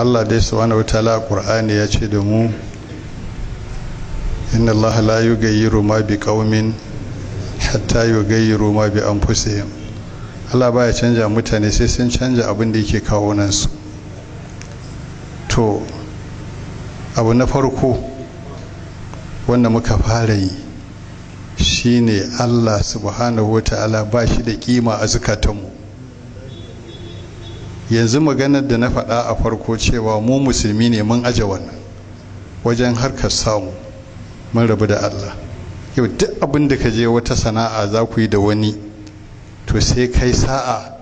Allah dai wuta la ƙur'ani ya ce da mu inna Allah la gayi ma bi ƙaumin hatta gayi ma bi anfusihim Allah baya canja mutane sai sun canja abin da yake kawo nan su to abu na farko wanda muka fara yi shi ne Allah subhanahu ta'ala ba shi da kima a zukatanmu yanzu maganar da na faɗa a farko cewa mu musulmi ne mun aje wannan wajen harkar samu mun rabu da allah yau duk abin da ka je wata sana'a za ku yi da wani to sai kai sa'a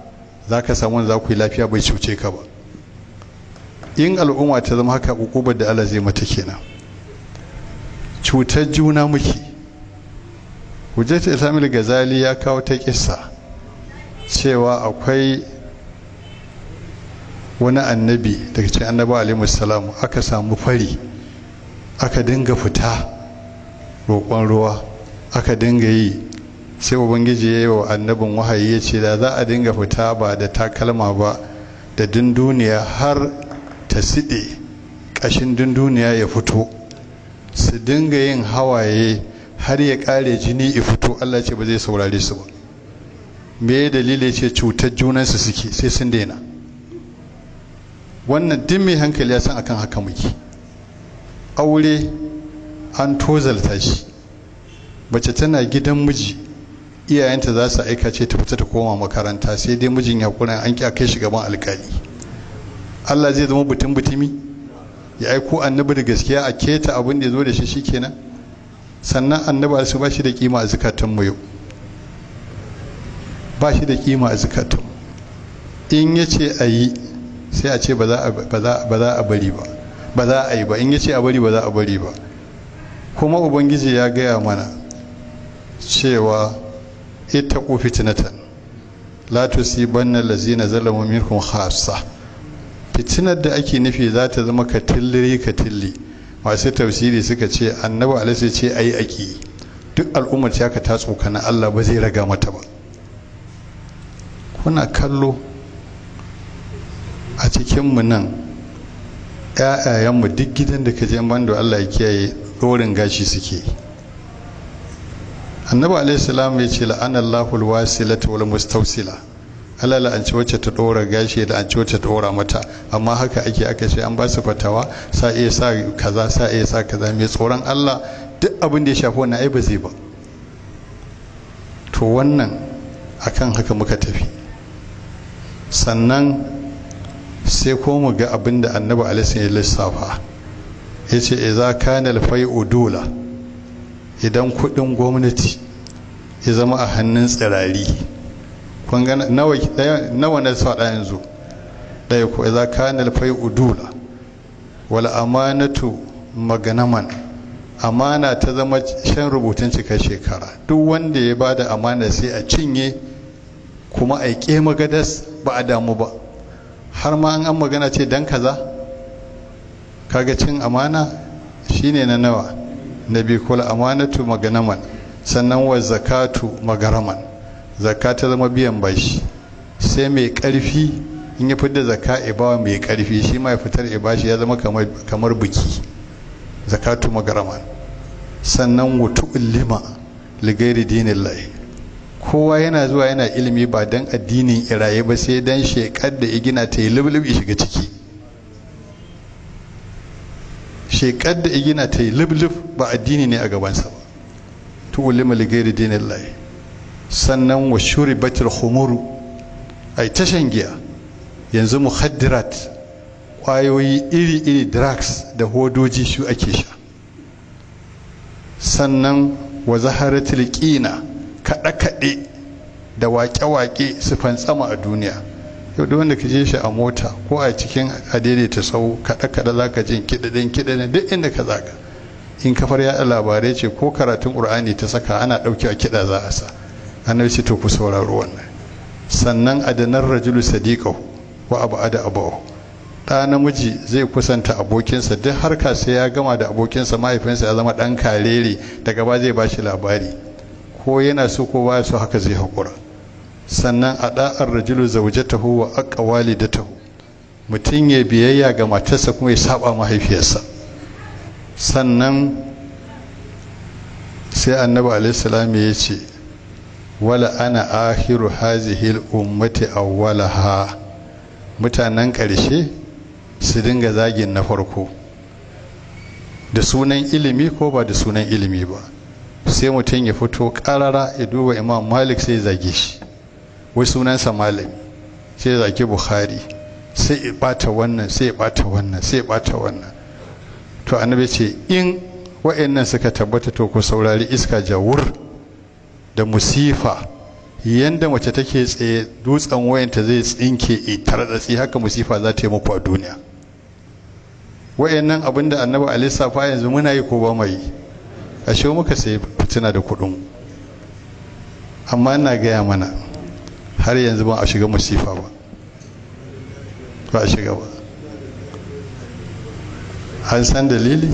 za ka samu za ku yi lafiya bai cuce ka ba in al'umma ta zama haka ukubar da allah zai mata kenan cutar juna muke hujjatul islamil gazali ya kawo ta kissa cewa akwai wani annabi daga cikin annabi alaihi wasallam aka samu fari aka dinga fita roƙon ruwa aka dinga yi sai ubangiji ya yi wa annabin wahayi ya ce da za a dinga fita ba da takalma ba da dunduniya har ta siɗe ƙashin dunduniya ya fito su dinga yin hawaye har ya ƙare jini ya fito allah ce ba zai saurare su ba me dalilin ce cutar junansu suke sai sun daina wannan duk mai hankali ya san akan haka muke aure an tozalta shi bace tana gidan miji iyayenta za su aika ce ta fita ta koma makaranta sai dai mijin ya kura an kai shi gaban alkali Allah zai zama butun butumi ya aiko annabi da gaskiya a keta abin da ya zo da shi shikenan sannan annabi su ba shi da kima a zakatun mu yau ba shi da kima a zakatun in yace a yi sai a ce ba za a bari ba ba za a yi ba in ya ce a bari ba za a bari ba kuma ubangiji ya gaya mana cewa ita ku fitinatan la tusibanna allazina zalamu minkum khassa fitinar da ake nufi za ta zama katilliri katilli masu tafsiri suka ce annabi alaihi ce ayi aki duk al'ummar ta ka ta tsokana Allah ba zai raga mata ba kuna kallo a cikinmu nan ‘ya'yayenmu duk gidan da ka je bando Allah ya kiyaye ɗorin gashi suke annabi alaihi salam ya ce la'anallahu alwasilata wal mustausila Allah la'anci wacce ta dora gashi la'anci wacce ta dora mata amma haka ake aka ce an ba su fatawa sa iya sa kaza sa iya sa kaza mai tsoron Allah duk abin da ya shafi wannan ai ba zai ba to wannan akan haka muka tafi sannan sai ko mu ga abin da annabi alaihi ya lissafa ya ce iza kana alfai'u dola idan kudin gwamnati ya zama a hannun tsirari nawa na sa yanzu ɗaya ko iza kana alfai'u dola wal amanatu maganaman amana ta zama shan rubutun cika shekara duk wanda ya bada amana sai a cinye kuma a yi gadas ba a damu ba har ma an magana ce dan kaza kaga cin amana shine na nawa na bi kula amanatu maganaman sannan wa zakatu magaraman zakata ta zama biyan bashi sai mai karfi in ya fitar zaka ibawa mai karfi shi ma ya fitar ibashi ya zama kamar biki zakatu magaraman sannan wutu lima ligairi dinin layi kowa yana zuwa yana ilimi ba don addinin iraye ba sai don shekar da igina ta yi ya shiga ciki shekar da igina ta yi lublub ba addini ne a gabansa ba tu ulima ligari dinin laye sannan wa shuri batir humuru a yi tashan giya yanzu muhaddirat kwayoyi iri-iri drugs da hodoji su ake sha sannan wa zaharatul qina kaɗe-kaɗe da waƙe-waƙe su fantsama a duniya yau da wanda ka je shi a mota ko a cikin a tsawo sau kaɗe-kaɗe za ka jin kiɗaɗen kiɗaɗen duk inda ka zaga in kafar yaɗa labarai ce ko karatun ƙur'ani ta saka ana ɗauke a kiɗa za a sa annabi ce to ku sauraro wannan sannan adanar rajulu sadiqahu wa abu ada abahu ɗa namiji zai kusanta abokinsa duk harka sai ya gama da abokinsa mahaifinsa ya zama ɗan karere daga ba zai bashi labari ko yana so ko baya so haka zai haƙura sannan a da'ar rajulu zaujatahu wa aqqa walidatahu mutum ya biyayya ga matarsa kuma ya saba mahaifiyarsa sannan sai annabi salam ya ce wala ana ahiru hazihil ummati awwalaha mutanen ƙarshe su dinga zagin na farko da sunan ilimi ko ba da sunan ilimi ba sai mutum ya fito karara ya duba imam malik sai ya zage shi wai sunansa malami sai ya zage bukhari sai ya bata wannan sai ya bata wannan sai ya bata wannan to annabi ce in wa'annan suka tabbata to ku saurari iska jawur da musifa yadda mace take tsaye dutsen wayanta zai tsinke itardatsi haka musifa za ta yi muku a duniya wa'annan abinda annabi alisa fa yanzu muna yi ko ba mai yi ashe muka sayi fitina da kuɗin amma ina gaya mana har yanzu ba a shiga masifa ba ba a shiga ba an san dalili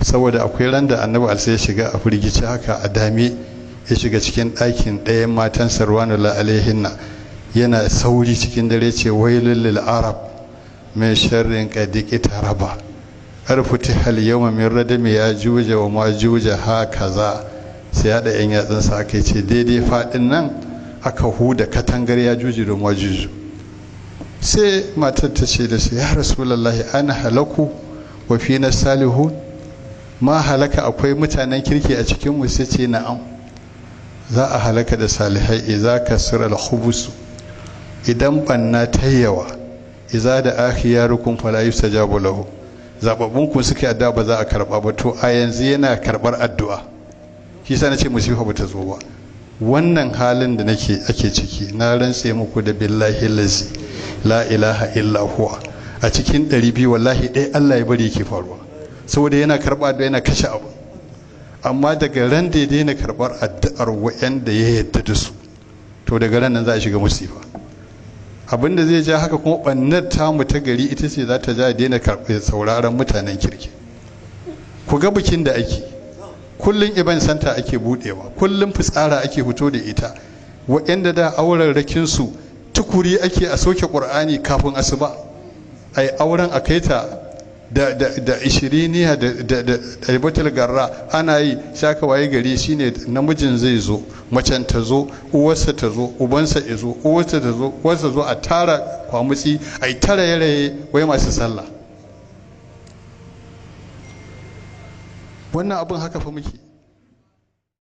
saboda akwai randa da annabi alsa ya shiga a firgici haka a dame ya shiga cikin ɗakin ɗayan matan sarwani la'alihinna yana sauri cikin dare ce wailul lil arab mai sharrin qad raba arfuti yawma min radami ya juja wa ma juja hakaza sai ya da yan yatsunsa aka ce daidai fadin nan aka huda katangar ya juji da juju sai matar ta ce da shi ya rasulallahi ana halaku wa fi na salihu ma halaka akwai mutanen kirki a cikin mu sai ce na'am za a halaka da salihai idza kasra al-khubus idan banna tayyawa idza da akhiyarukum fala yusajabu lahu zababbun ku suka yadda ba za a karba ba to a yanzu yana karbar addu'a shi sa nace musifa ba ta zo ba wannan halin da nake ake ciki na rantse muku da billahi lazi la ilaha illa huwa a cikin 200 wallahi ɗaya Allah ya bari yake faruwa saboda yana karba addu'a yana kashe abu amma daga ran da ya daina karɓar addu'ar wa'anda ya yadda da su to daga ran nan za a shiga musifa abin da zai ja haka kuma ɓannar tamu ta gari ita ce za ta ja a daina karɓe sauraron mutanen kirki ku ga bikin da ake kullum iban santa ake budewa kullum fitsara ake fito da ita waɗanda da auren rakinsu tukuri ake a soke ƙur'ani kafin asuba a yi auren a kai ta da da da ishiriniya da da da garra ana yi saka waye gari shine namijin zai zo macen ta zo uwarsa ta zo ubansa ya zo uwarsa ta zo uwarsa zo a tara kwamutsi a yi tara yaraye wai masu sallah wannan abin haka fa muke